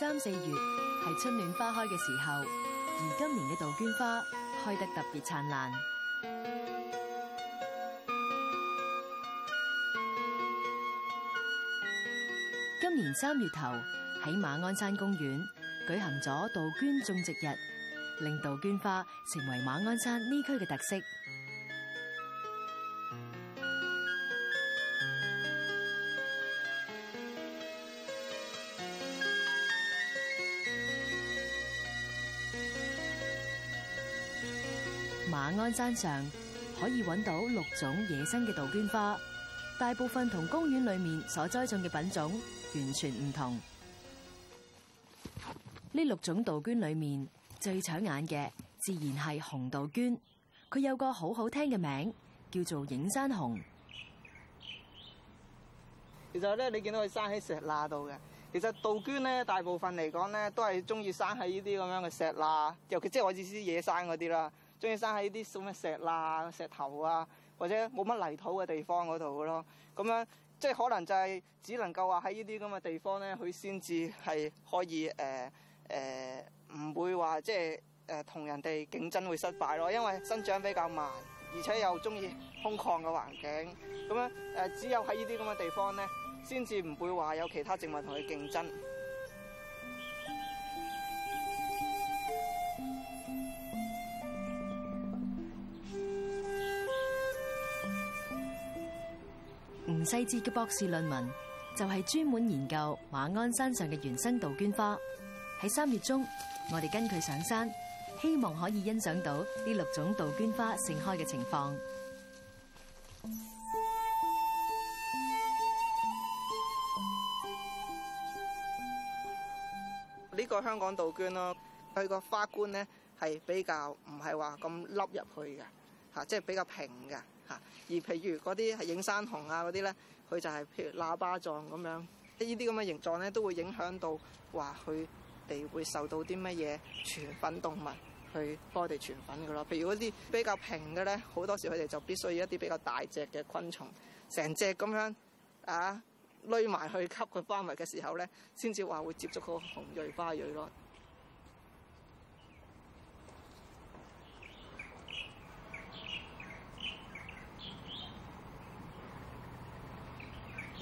三四月係春暖花開嘅時候，而今年嘅杜鵑花開得特別燦爛。今年三月頭喺馬鞍山公園舉行咗杜鵑種植日，令杜鵑花成為馬鞍山呢區嘅特色。安山上可以揾到六種野生嘅杜鵑花，大部分同公園裏面所栽種嘅品種完全唔同。呢六種杜鵑裏面最搶眼嘅，自然係紅杜鵑。佢有個好好聽嘅名，叫做影山紅。其實咧，你見到佢生喺石罅度嘅。其實杜鵑咧，大部分嚟講咧，都係中意生喺呢啲咁樣嘅石罅，尤其即係我意思，野生嗰啲啦。中意生喺啲咁嘅石啦、啊、石頭啊，或者冇乜泥土嘅地方嗰度咯。咁樣，即係可能就係只能夠話喺呢啲咁嘅地方咧，佢先至係可以誒誒，唔、呃呃、會話即係誒同人哋競爭會失敗咯。因為生長比較慢，而且又中意空曠嘅環境。咁樣誒、呃，只有喺呢啲咁嘅地方咧，先至唔會話有其他植物同佢競爭。細節嘅博士論文就係專門研究馬鞍山上嘅原生杜鵑花。喺三月中，我哋跟佢上山，希望可以欣賞到呢六種杜鵑花盛開嘅情況。呢個香港杜鵑咯，佢個花冠呢係比較唔係話咁凹入去嘅。嚇、啊，即係比較平嘅嚇、啊，而譬如嗰啲係影山紅啊嗰啲咧，佢就係譬如喇叭狀咁樣，呢啲咁嘅形狀咧都會影響到話佢哋會受到啲乜嘢傳粉動物去幫我哋傳粉嘅咯。譬如嗰啲比較平嘅咧，好多時佢哋就必須要一啲比較大隻嘅昆蟲，成隻咁樣啊，攣埋去吸佢花蜜嘅時候咧，先至話會接觸個紅蕊花蕊咯。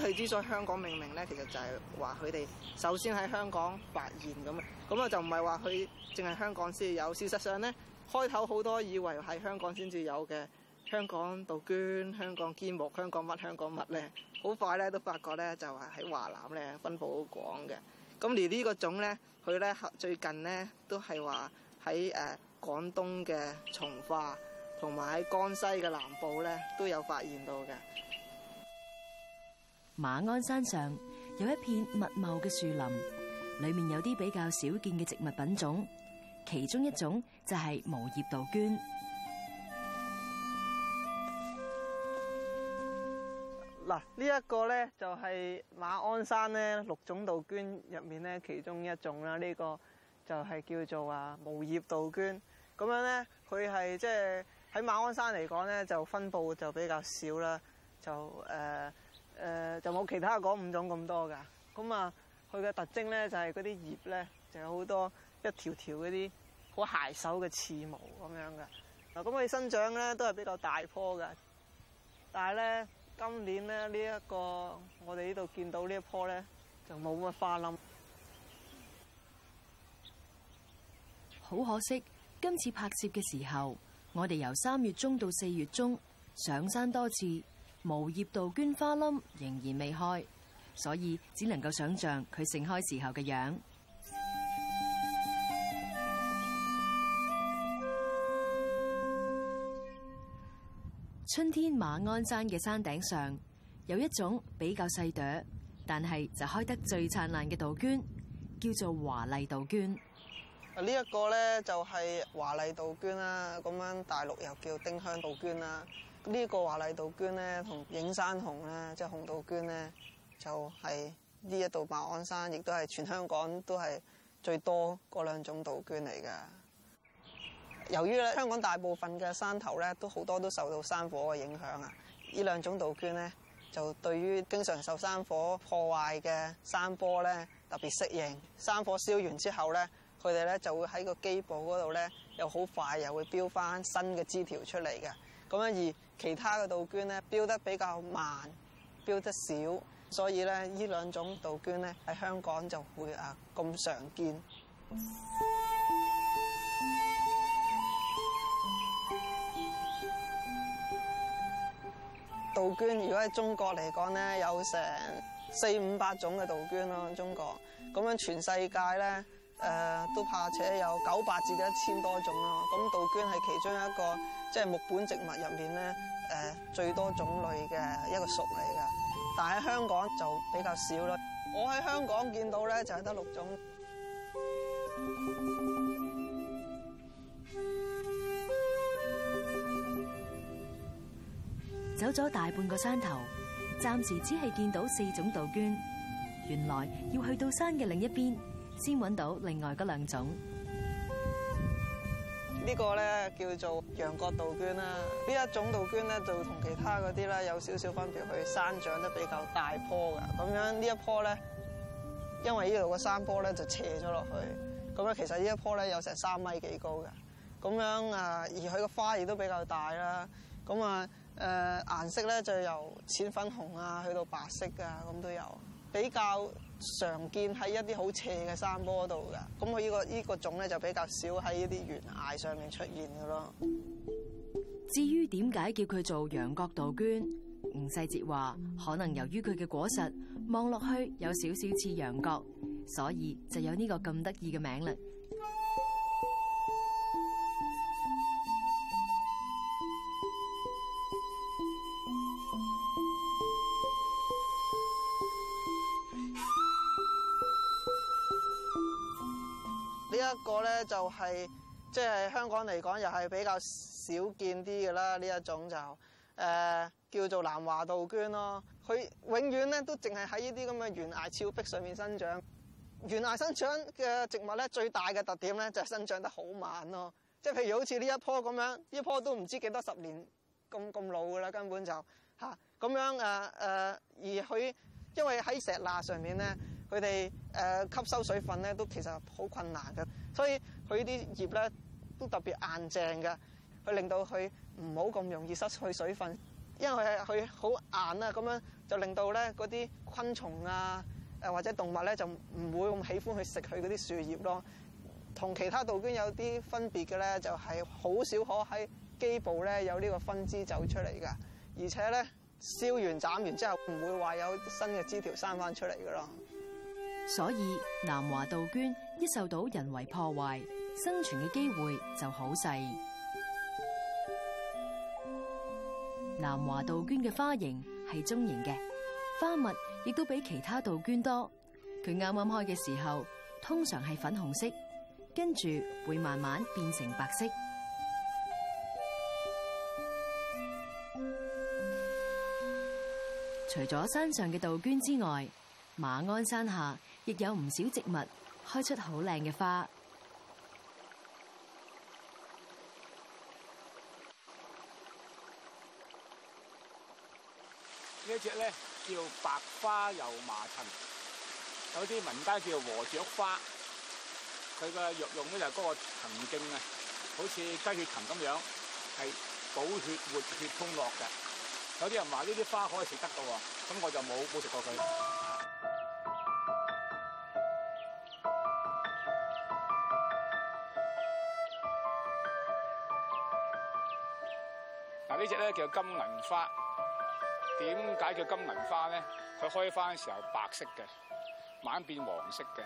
佢之所以香港命名咧，其實就係話佢哋首先喺香港發現咁啊，咁啊就唔係話佢淨係香港先有。事實上咧，開頭好多以為喺香港先至有嘅，香港杜鵑、香港堅木、香港乜、香港乜咧，好快咧都發覺咧就係喺華南咧分布好廣嘅。咁而呢個種咧，佢咧最近咧都係話喺誒廣東嘅從化，同埋喺江西嘅南部咧都有發現到嘅。馬鞍山上有一片密茂嘅樹林，裏面有啲比較少見嘅植物品種，其中一種就係無葉杜鵑。嗱，呢一個咧就係馬鞍山咧六種杜鵑入面咧其中一種啦。呢個就係叫做啊無葉杜鵑。咁樣咧，佢係即係喺馬鞍山嚟講咧就分布就比較少啦，就誒。呃誒、呃，就冇其他嗰五種咁多噶，咁啊，佢嘅特徵咧就係嗰啲葉咧，就有好多一條條嗰啲好鞋手嘅刺毛咁樣嘅。嗱，咁佢生長咧都係比較大棵嘅，但係咧今年咧呢一、這個我哋呢度見到一呢一棵咧就冇乜花冧，好可惜。今次拍攝嘅時候，我哋由三月中到四月中上山多次。無葉杜鵑花冧仍然未開，所以只能夠想象佢盛開時候嘅樣。春天馬鞍山嘅山頂上，有一種比較細朵，但係就開得最燦爛嘅杜鵑，叫做華麗杜鵑。呢一個呢，就係華麗杜鵑啦，咁樣大陸又叫丁香杜鵑啦。呢一個華麗杜鵑咧，同映山紅咧，即係紅杜鵑咧，就係呢一度馬鞍山，亦都係全香港都係最多嗰兩種杜鵑嚟嘅。由於咧，香港大部分嘅山頭咧，都好多都受到山火嘅影響啊，呢兩種杜鵑咧，就對於經常受山火破壞嘅山坡咧，特別適應山火燒完之後咧，佢哋咧就會喺個基部嗰度咧，又好快又會標翻新嘅枝條出嚟嘅。咁樣而其他嘅杜鵑咧，飚得比較慢，飚得少，所以咧，呢兩種杜鵑咧喺香港就會啊，咁常見。杜鵑如果喺中國嚟講咧，有成四五百種嘅杜鵑咯。中國咁樣全世界咧。誒、呃，都怕且有九百至到一千多種咯、啊。咁、嗯、杜鵑係其中一個，即係木本植物入面咧，誒、呃，最多種類嘅一個屬嚟㗎。但係香港就比較少咯。我喺香港見到咧就係得六種。走咗大半個山頭，暫時只係見到四種杜鵑。原來要去到山嘅另一邊。先揾到另外嗰兩種，這個、呢個咧叫做羊角杜鵑啦。呢一種杜鵑咧就同其他嗰啲咧有少少分別，佢生長得比較大棵噶。咁樣呢一棵咧，因為呢度個山坡咧就斜咗落去，咁咧其實這呢一棵咧有成三米幾高嘅。咁樣啊，而佢個花亦都比較大啦。咁啊，誒、呃、顏色咧就由淺粉紅啊去到白色噶、啊，咁都有比較。常見喺一啲好斜嘅山坡度嘅，咁佢呢個呢個種咧就比較少喺呢啲懸崖上面出現嘅咯。至於點解叫佢做羊角杜鵑？吳世哲話：可能由於佢嘅果實望落去有少少似羊角，所以就有呢個咁得意嘅名啦。一個咧就係即係香港嚟講又係比較少見啲嘅啦，呢一種就誒、呃、叫做南華杜鵑咯。佢永遠咧都淨係喺呢啲咁嘅懸崖峭壁上面生長。懸崖生長嘅植物咧最大嘅特點咧就係、是、生長得好慢咯。即係譬如好似呢一棵咁樣，呢一棵都唔知幾多十年咁咁老㗎啦，根本就吓咁、啊、樣誒誒、呃。而佢因為喺石罅上面咧，佢哋誒吸收水分咧都其實好困難嘅。所以佢呢啲葉咧都特別硬淨㗎，佢令到佢唔好咁容易失去水分，因為佢佢好硬啊，咁樣就令到咧嗰啲昆蟲啊誒或者動物咧就唔會咁喜歡去食佢嗰啲樹葉咯。同其他杜鵑有啲分別嘅咧，就係、是、好少可喺基部咧有呢個分支走出嚟㗎，而且咧燒完斬完之後唔會話有新嘅枝條生翻出嚟噶咯。所以南華杜鵑。一受到人為破壞，生存嘅機會就好細。南華杜鵑嘅花型係中型嘅，花蜜亦都比其他杜鵑多。佢啱啱開嘅時候通常係粉紅色，跟住會慢慢變成白色。除咗山上嘅杜鵑之外，馬鞍山下亦有唔少植物。開出好靚嘅花，呢隻咧叫白花油麻藤，有啲民間叫禾雀花。佢嘅藥用咧就嗰個藤莖啊，好似雞血藤咁樣，係補血、活血、通絡嘅。有啲人話呢啲花可以食得噶喎，咁我就冇冇食過佢。隻呢隻咧叫金銀花，點解叫金銀花咧？佢開花嘅時候白色嘅，晚變黃色嘅，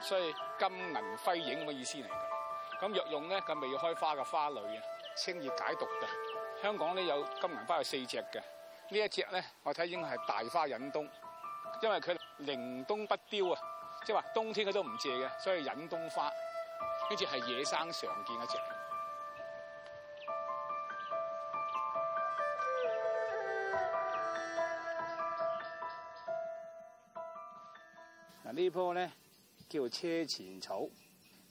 所以金銀輝映咁嘅意思嚟嘅。咁藥用咧，佢未開花嘅花蕾啊，清熱解毒嘅。香港咧有金銀花有四隻嘅，這一隻呢一隻咧我睇應係大花忍冬，因為佢凌冬不凋啊，即係話冬天佢都唔謝嘅，所以忍冬花，呢隻係野生常見一隻。這棵呢棵咧叫做車前草，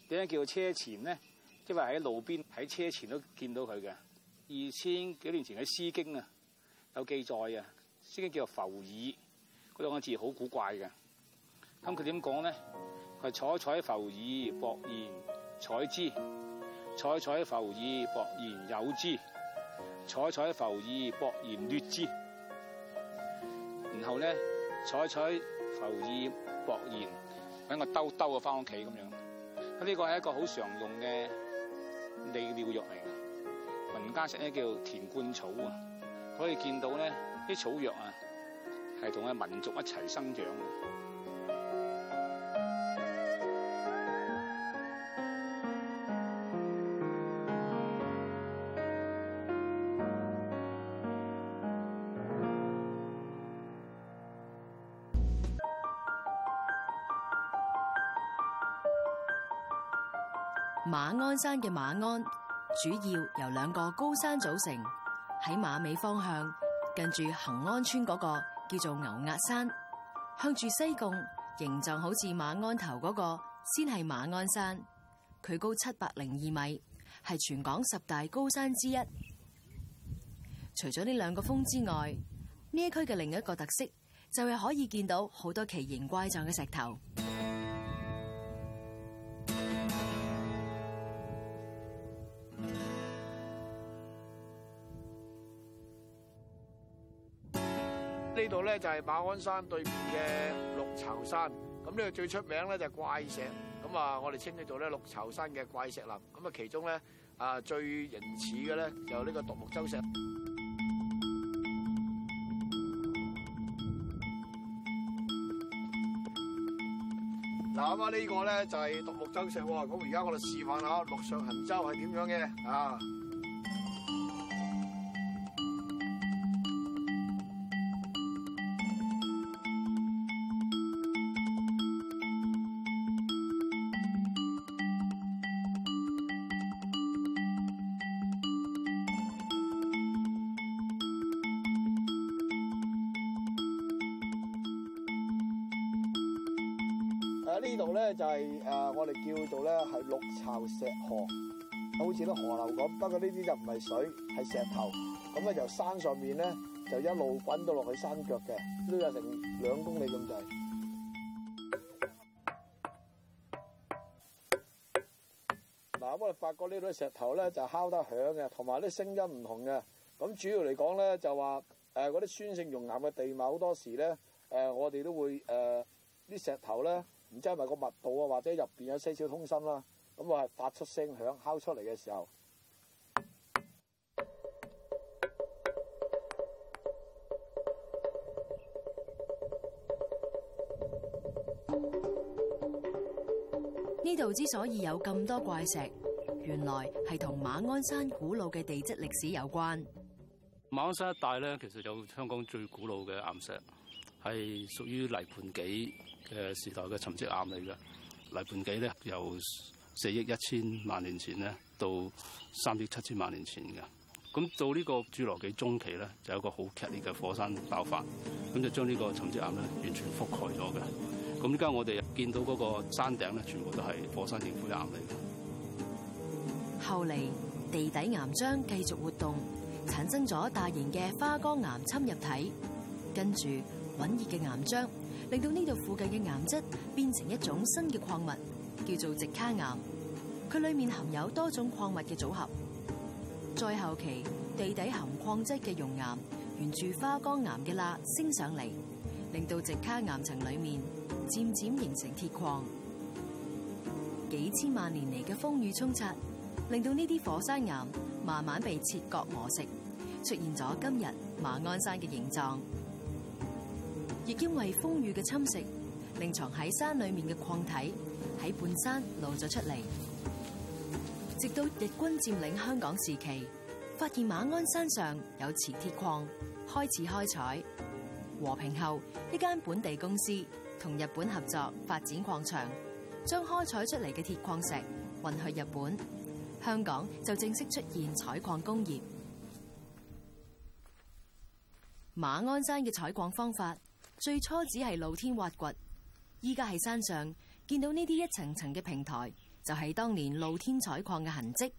點解叫做車前咧？因為喺路邊喺車前都見到佢嘅。二千幾年前嘅《詩經》啊，有記載啊。《詩經》叫做浮耳，嗰兩個字好古怪嘅。咁佢點講咧？佢採採浮耳，薄言采之；採採浮耳，薄言有之；採採浮耳，薄言劣之。然後咧，採採浮耳。莫言揾個兜兜啊，翻屋企咁樣。呢個係一個好常用嘅利尿藥嚟嘅，民間食咧叫田冠草啊，可以見到咧啲草藥啊係同啊民族一齊生長嘅。山嘅馬鞍主要由兩個高山組成，喺馬尾方向近住恒安村嗰、那個叫做牛押山，向住西貢，形狀好似馬鞍頭嗰、那個先係馬鞍山，佢高七百零二米，係全港十大高山之一。除咗呢兩個峰之外，呢一區嘅另一個特色就係、是、可以見到好多奇形怪狀嘅石頭。就係馬鞍山對面嘅綠巢山，咁咧最出名咧就係怪石，咁啊我哋稱佢做咧綠巢山嘅怪石林，咁啊其中咧啊最形似嘅咧就呢個獨木舟石。嗱咁啊呢個咧就係獨木舟石，咁而家我哋示範下陸上行舟係點樣嘅啊。好似啲河流咁，不過呢啲就唔係水，係石頭。咁咧由山上面咧，就一路滾到落去山腳嘅，都有成兩公里咁大。嗱，我哋發覺呢度啲石頭咧就敲得響嘅，同埋啲聲音唔同嘅。咁主要嚟講咧就話，誒，嗰啲酸性熔岩嘅地貌好多時咧，誒我哋都會誒啲石頭咧，唔知係咪個密度啊，或者入邊有些少通心啦。咁我係發出聲響敲出嚟嘅時候，呢度之所以有咁多怪石，原來係同馬鞍山古老嘅地質歷史有關。馬鞍山一帶咧，其實有香港最古老嘅岩石，係屬於泥盆紀嘅時代嘅沉積岩嚟嘅。泥盆紀咧，由四億一千萬年前咧，到三億七千萬年前嘅，咁到呢個侏羅紀中期咧，就有一個好劇烈嘅火山爆發，咁就將呢個沉積岩咧完全覆蓋咗嘅。咁依家我哋見到嗰個山頂咧，全部都係火山凝灰岩嚟。後嚟地底岩漿繼續活動，產生咗大型嘅花崗岩侵入體，跟住滾熱嘅岩漿令到呢度附近嘅岩質變成一種新嘅礦物。叫做矽卡岩，佢裏面含有多種礦物嘅組合。再後期，地底含礦質嘅熔岩沿住花崗岩嘅罅，升上嚟，令到矽卡岩層裏面漸漸形成鐵礦。幾千萬年嚟嘅風雨沖刷，令到呢啲火山岩慢慢被切割磨蝕，出現咗今日馬鞍山嘅形狀。亦因為風雨嘅侵蝕，令藏喺山裏面嘅礦體。喺半山露咗出嚟，直到日軍佔領香港時期，發現馬鞍山上有磁鐵礦，開始開採。和平後，一間本地公司同日本合作發展礦場，將開採出嚟嘅鐵礦石運去日本。香港就正式出現採礦工業。馬鞍山嘅採礦方法最初只係露天挖掘，依家喺山上。見到呢啲一層層嘅平台，就係、是、當年露天採礦嘅痕迹。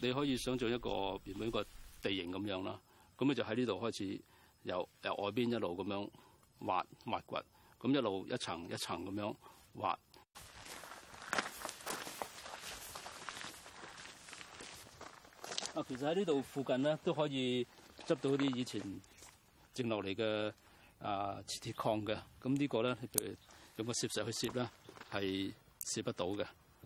你可以想象一個原本一個地形咁樣啦，咁你就喺呢度開始由由外邊一路咁樣挖挖掘，咁一路一層一層咁樣挖。啊， 其實喺呢度附近咧都可以執到啲以前剩落嚟嘅啊赤鐵礦嘅，咁、呃、呢如個咧有個攝石去攝啦。係攝不到嘅，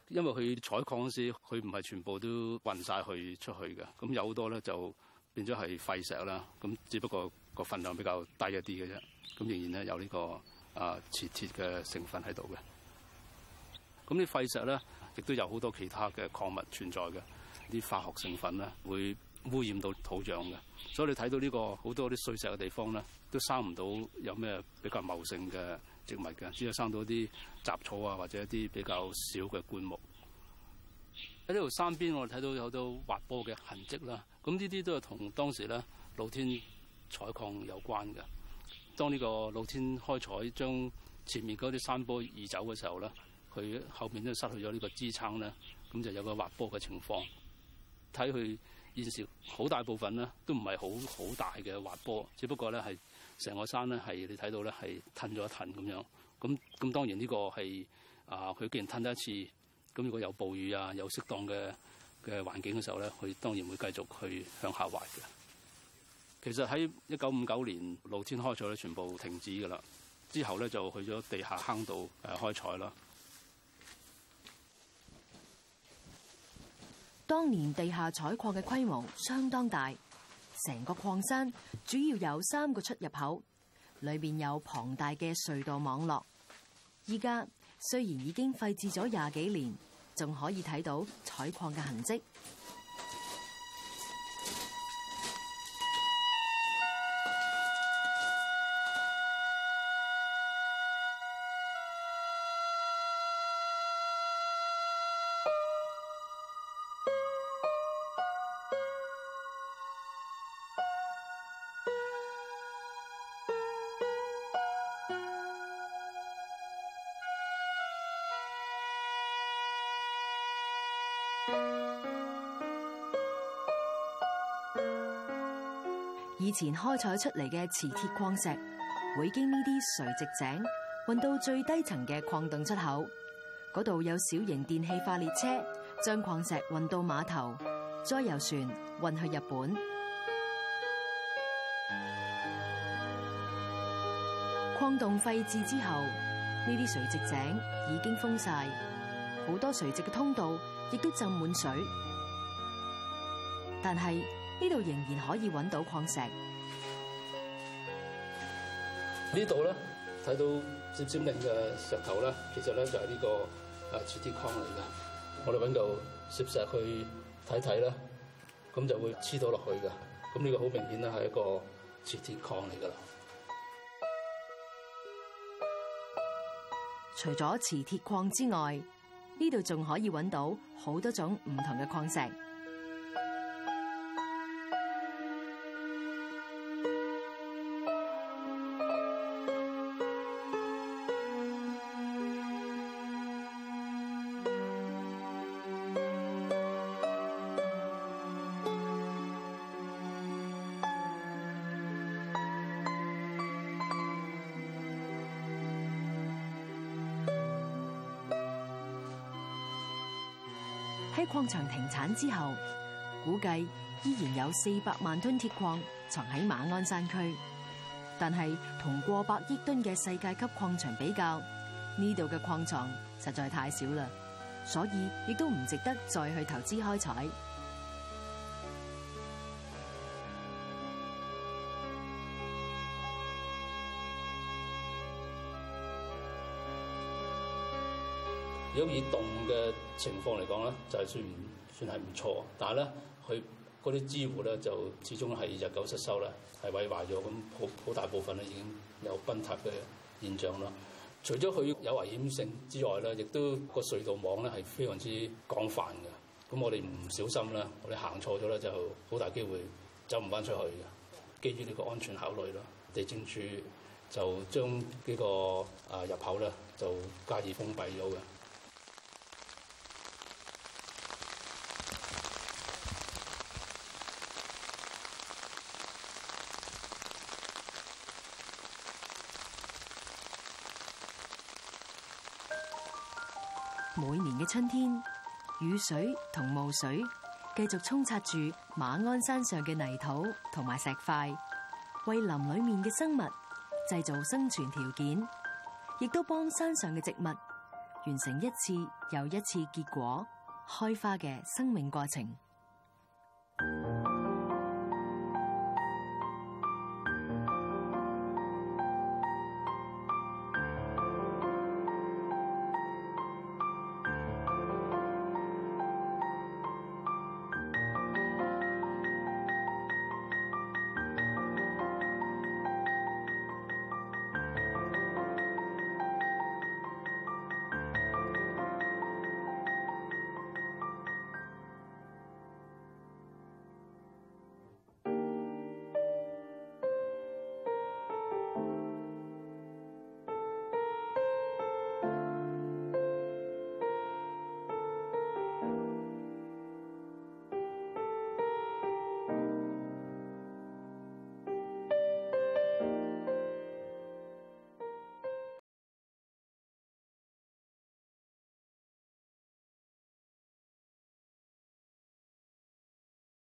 因為佢採礦嗰時，佢唔係全部都運晒去出去嘅，咁有好多咧就變咗係廢石啦。咁只不過個分量比較低一啲嘅啫，咁仍然咧有呢、這個啊磁、呃、鐵嘅成分喺度嘅。咁啲廢石咧，亦都有好多其他嘅礦物存在嘅，啲化學成分咧會污染到土壤嘅。所以你睇到呢、這個好多啲碎石嘅地方咧，都生唔到有咩比較茂盛嘅。植物嘅，只有生到啲雜草啊，或者一啲比較少嘅灌木。喺呢度山邊，我哋睇到有好多滑坡嘅痕跡啦。咁呢啲都係同當時咧露天採礦有關嘅。當呢個露天開採將前面嗰啲山坡移走嘅時候咧，佢後面都失去咗呢個支撐咧，咁就有個滑坡嘅情況。睇佢現時好大部分咧都唔係好好大嘅滑坡，只不過咧係。成個山咧係你睇到咧係褪咗一褪咁樣，咁咁當然呢個係啊，佢既然褪得一次，咁如果有暴雨啊，有適當嘅嘅環境嘅時候咧，佢當然會繼續去向下滑嘅。其實喺一九五九年露天開採咧，全部停止噶啦，之後咧就去咗地下坑道誒開採啦。當年地下採礦嘅規模相當大。成個礦山主要有三個出入口，裏面有龐大嘅隧道網絡。依家雖然已經廢置咗廿幾年，仲可以睇到採礦嘅痕跡。以前開採出嚟嘅磁鐵礦石會經呢啲垂直井運到最低層嘅礦洞出口，嗰度有小型電氣化列車將礦石運到碼頭，再由船運去日本。礦洞廢置之後，呢啲垂直井已經封晒，好多垂直嘅通道。亦都浸滿水，但係呢度仍然可以揾到礦石。呢度咧，睇到尖尖棱嘅石頭咧，其實咧就係呢個啊磁鐵礦嚟噶。我哋揾到攝石去睇睇啦，咁就會黐到落去噶。咁呢個好明顯咧係一個磁鐵礦嚟噶啦。除咗磁鐵礦之外，呢度仲可以揾到好多種唔同嘅礦石。喺礦場停產之後，估計依然有四百萬噸鐵礦藏喺馬鞍山區，但係同過百億噸嘅世界級礦場比較，呢度嘅礦藏實在太少了，所以亦都唔值得再去投資開採。如果以凍嘅情況嚟講咧，就係算算係唔錯，但係咧佢嗰啲支護咧就始終係日久失修咧，係毀壞咗咁，好好大部分咧已經有崩塌嘅現象咯。除咗佢有危險性之外咧，亦都個隧道網咧係非常之廣泛嘅。咁我哋唔小心啦，我哋行錯咗咧，就好大機會走唔返出去嘅。基於呢個安全考慮啦，地政處就將呢個啊入口咧就加以封閉咗嘅。每年嘅春天，雨水同霧水繼續沖刷住馬鞍山上嘅泥土同埋石塊，為林裏面嘅生物製造生存條件，亦都幫山上嘅植物完成一次又一次結果開花嘅生命過程。